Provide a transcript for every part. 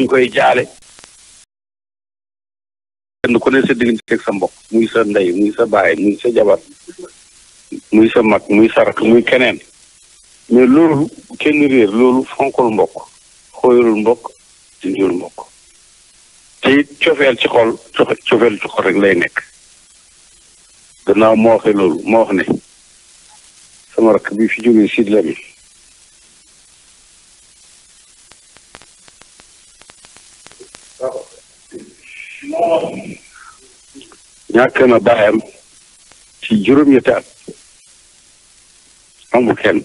ñu koy jaale kenn ku ne sa diggante ak sa mbokk muy sa ndey muy sa baay muy sa jabar muy sa mag muy sa rakk muy keneen mais loolu kenn réer loolu fonkul mbokk xooyalul mbokk dindiwul mbokk te it cofeel ci xol cofeel ci xol rek lay nekk dana moo loolu moo ne sama rakk bi fi jógee Sidy Lamine ñàkk na baayam ci juróom-ñetti at amul kenn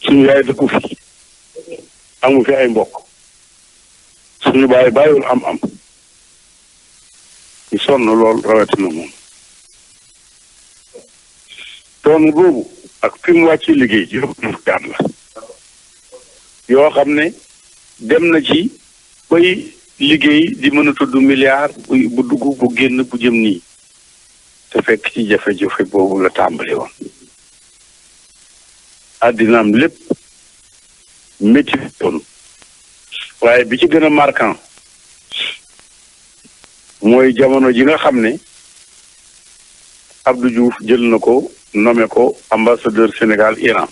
suñu yaay dëkku fi amul fi ay mbokk suñu baay bàyyiwul am-am ñu sonn lool rawatina moom doon boobu ak fi mu wàcc liggéey juróom-ñetti at la yoo xam ne dem na ci bay liggéey di mën a tudd milliard bu dugg bu génn bu jëm ni te fekk ci jafe-jafe boobu la tàmbali woon lépp métti woon waaye bi ci gën markan mooy jamono ji nga xam ne Abdou Diouf jël na ko nommé ko ambassadeur Sénégal Iran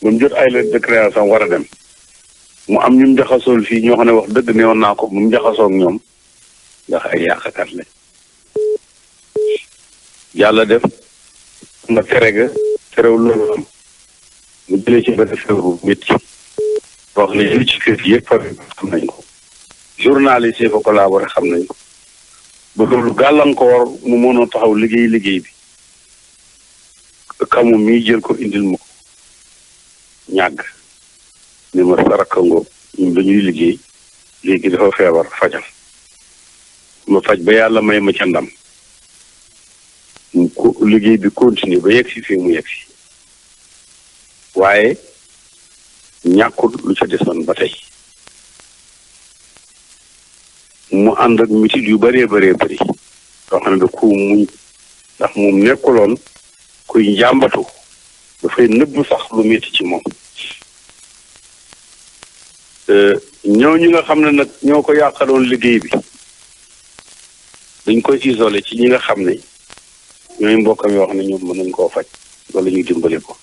ba mu jot ay lettre wara création dem mu am ñu jaxasool fii ñoo xam ne wax dëgg newoon naa ko mu jaxasoo ak ñoom ndax ay yàqkat lañ yàlla def nga tere ga terewul loolu am mu jëlee ci benn feebar bu métti boo ci kër gi yëpp nañ ko journaliste yi fa collaboré xam nañ ko ba loolu gàllankoor mu mënoo taxaw liggéey liggéey bi kamu mii jël ko indil ma ko ñàgg ni ma sarakango ñun dañuy liggéey léegi dafa feebar fajal ma faj ba yàlla may ma ca ndam ko liggéey bi continuer ba yegg fii mu yegg si waaye ñàkkul lu ca desoon ba tey mu ànd ak mitit yu bëree bëree bëri yoo xam da ko muñ ndax moom nekkuloon kuy njàmbatu dafay nëbb sax lu metti ci moom ñëw euh, ñi nga xam ne nag ñoo ko yàqaloon liggéey bi dañ koy isolé ci ñi nga xam ne ñooy mbokkam yoo xam ne ñoom ma nañ koo faj wala ñuy dimbali ko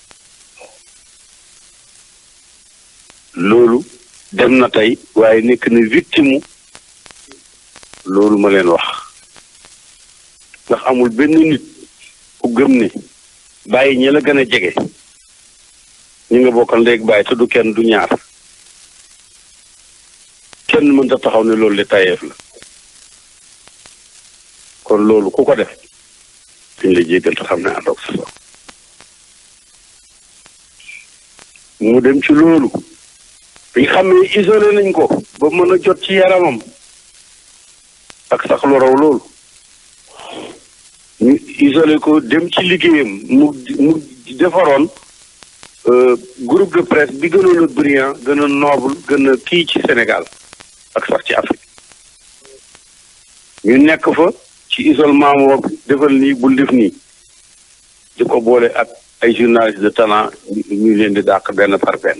loolu dem na tey waaye nekk na victime loolu ma leen wax ndax amul benn nit ku gëm ne bàyyi ñi la gën a jege ñi nga bokkal léegi bàyyi te du kenn du ñaar fenn mënta taxaw ne loolu de tayeef la kon loolu ku ko def dañ la jéggal te xam ne àndoog sa sox mu dem ci loolu bi nga xam ne isolé nañ ko ba mën a jot ci yaramam ak sax lu raw loolu ñu ko dem ci liggéeyam mu mu defaroon euh, groupe de presse bi gënoon a brillant gën a noble gën a kii ci Sénégal ak sax ci Afrique ñu nekk fa ci isolement moo defal nii bul def nii di ko boole ak ay journaliste de talent ñu leen di dàq benn par benn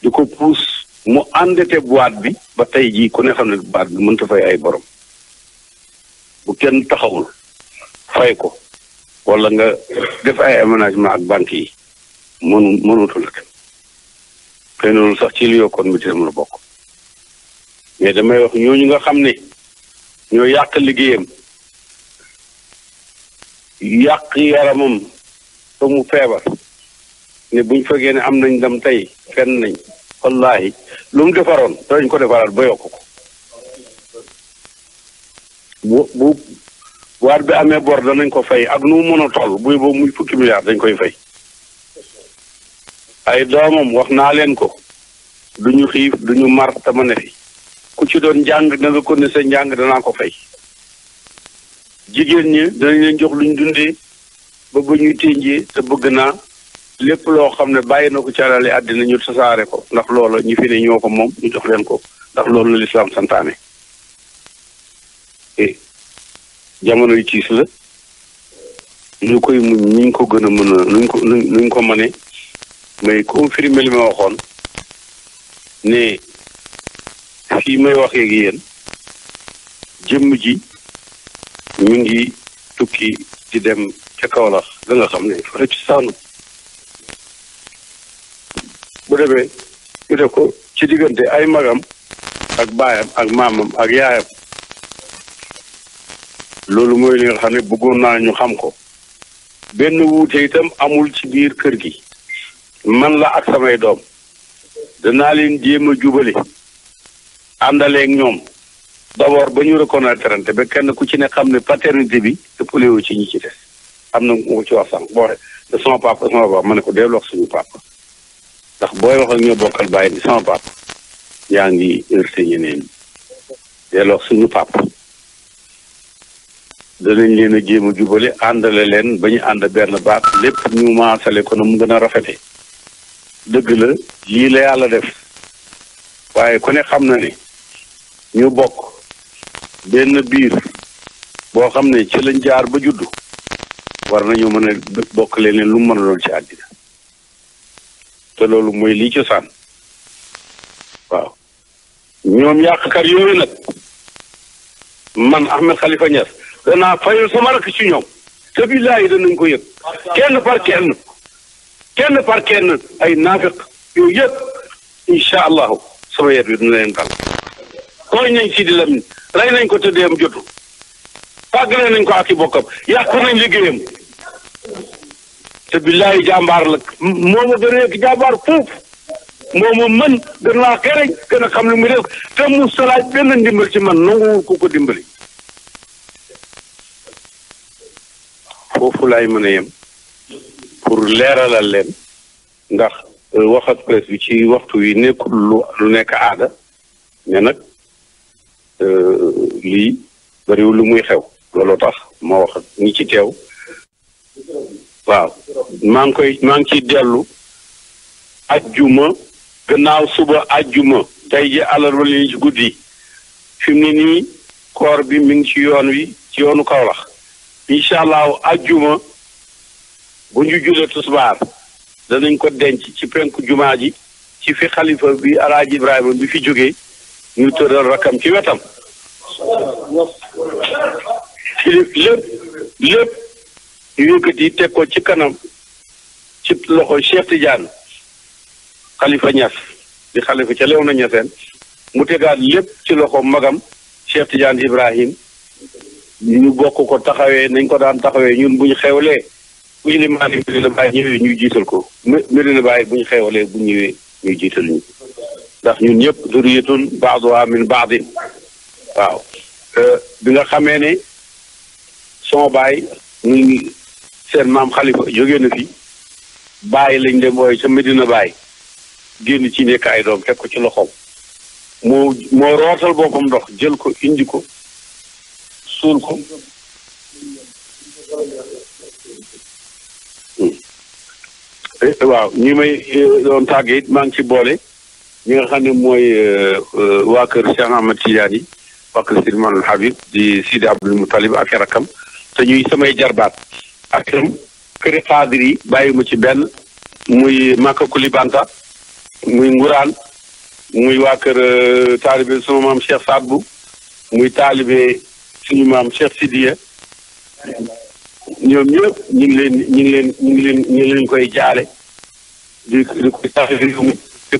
di ko pousse mu endetté boîte bi ba tey jii ku ne xam ne boîte bi mënta fay ay borom bu kenn taxawul fay ko wala nga def ay aménagement ak banque yi mënu mënutu la xëy na sax ci li yokkoon mu ci mën a bokk mais damay wax ñooñu nga xam ne ñoo yàq liggéeyam yàq yaramam ba mu feebar ne buñ fekkee ne am nañ ndam tey fenn nañ wallaahi lu mu defaroon dañ ko defaraat ba yokk ko bu bu waat bi amee bor danañ ko fay ak nu mën a tol buy boobu muy fukki milliards dañ koy fay ay doomam wax naa leen ko duñu xiif duñu mar tama ne fi ku ci doon njàng na ko ne sa njàng danaa ko fay jigéen ñi danañ leen jox luñ dundee ba ba ñuy ténjee te bëgg naa lépp loo xam ne bàyyi na ko ci alali àddina ñu tasaare ko ndax loola ñu fi ne ñoo ko moom ñu jox leen ko ndax loolu la lislaam santaane eh, jamono yu ciis la ñu koy muñ ñu ko gën a mën a nuñ ko nuñ ko may confirmer ma waxoon ne fii may wax ak yéen jëmm ji mu ngi tukki di dem ca kawlax da nga xam ne fa ci saanu bu demee ñu def ko ci diggante ay magam ak bayam ak maamam ak yaayam loolu mooy li xam ne bëggoon naa ñu xam ko benn wuute itam amul ci biir kër gi man la ak samay doom danaa leen jéem a jubale àndaleeg ñoom d'abord ba ñu reconnaître ba kenn ku ci ne xam ne paternité bi ëppale ci ñi ci des am na mu ci wax sànq boo de sama papa sama papa ma ne ko deel wax suñu papa ndax booy wax ak ñoo bokkal bàyyi ni sama papa yaa ngi heurté ñeneen deel wax suñu papa danañ leen a jéem a jubale àndale leen ba ñu ànd benn baax lépp ñu maasale ko na mu gën a rafetee dëgg la lii la yàlla def waaye ku ne xam na ne ñu bokk benn biir boo xam ne ci lañ jaar ba juddu war nañu mën a bokk leneen lu mu mën a ci àddina te loolu mooy lii cosaan waaw ñoom yàqkat yooyu nag man Ahmed xalifa Niass danaa fayal sama rakk ci ñoom te billaahi danañ ko yëg kenn par kenn kenn par kenn ay naafiq yooyu yëpp incha allahu sama yet bi dina leen dal tooñ nañ Sidi Lamine rey nañ ko tëddee am jotu fàggale nañ ko ak i bokkam yàqu nañ liggéeyam te billaahi jàmbaar la moo ma gën a nekk moo ma mën gën laa xereñ gën a xam lu muy def te mu salaaj benn ndimbal ci man nanguwul ku ko dimbali foofu laay mën pour leeralal leen ndax euh, wax ak bi ci waxtu wi nekkul lu nekk aada ne nag euh, lii bariwul lu muy xew looloo tax ma wax ak ci teew waaw maa ngi koy maa ngi ciy dellu ajjuma gannaaw suba ajjuma tey ji àllarba li ci guddi fi mu ne nii koor bi mi ngi ci yoon wi ci yoonu Kaolack incha allahu ajjuma bu ñu julee tusbaar danañ ko denc ci penku jumaa ji ci fi xalifa bi alaaji ibrahima bi fi jógee ñu tëral rakam ci wetam kilif lépp lépp ñu yëkkati teg ko ci kanam ci loxo Cheikh Tidiane xalifa Ñas di xalifa ca Léona Ñaseen mu tegaat lépp ci loxo magam Cheikh Tidiane Ibrahim ñu bokk ko taxawee nañ ko daan taxawee ñun bu xewlee bu ñu ne Malick ñëwee ñuy jiital ko Medina Baye bu ñu xewalee bu ñëwee ñuy jiital ñu ndax ñun ñëpp duriyatun baaduha baax baadin waaw bi nga xamee ne son baay ñu ngi seen maam xalifa jógee na fi bàyyi lañ dem wooye sa Medina Baye génn ci nekk ay doom teg ko ci loxoom moo moo rootal boppam ndox jël ko indi ko suul ko Eh, waaw ñu may eh, doon tàggee maa ngi ci boole ñi nga xam ne mooy eh, waa kër Cheikh Ahmad Tidiane yi waa kër Sirmanul Habib di Sidi Abdul Moutalib ak rakam te ñuy samay jarbaat ak itam këri xaadir yi bàyyi ma ci benn muy Maka Kulibanta muy Nguraan muy waa kër taalibe suma maam Cheikh Sadbu muy taalibe suñu maam Cheikh Sidiya ñoom ñëpp ñu ngi leen ñu ngi leen ñu ngi leen ñu leen koy jaale di di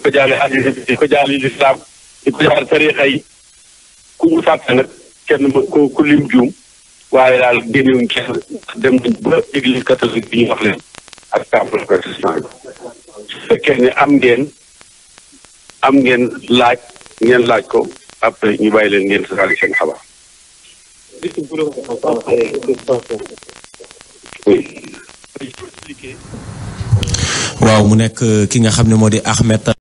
ko jaale réew di ko jaale àddina bi di ko jaale lislaam di ko jaale tariixa ku ñu fàtte nag kenn ku lim juum waaye daal génnewuñ kenn dem nañ ba église catholique bi ñu wax leen ak temple protestant bi am ngeen am ngeen laaj ngeen laaj ko après ñu bàyyi leen ngeen saali seen xabaar waaw mu nekk ki nga xam ne moo di Ahmed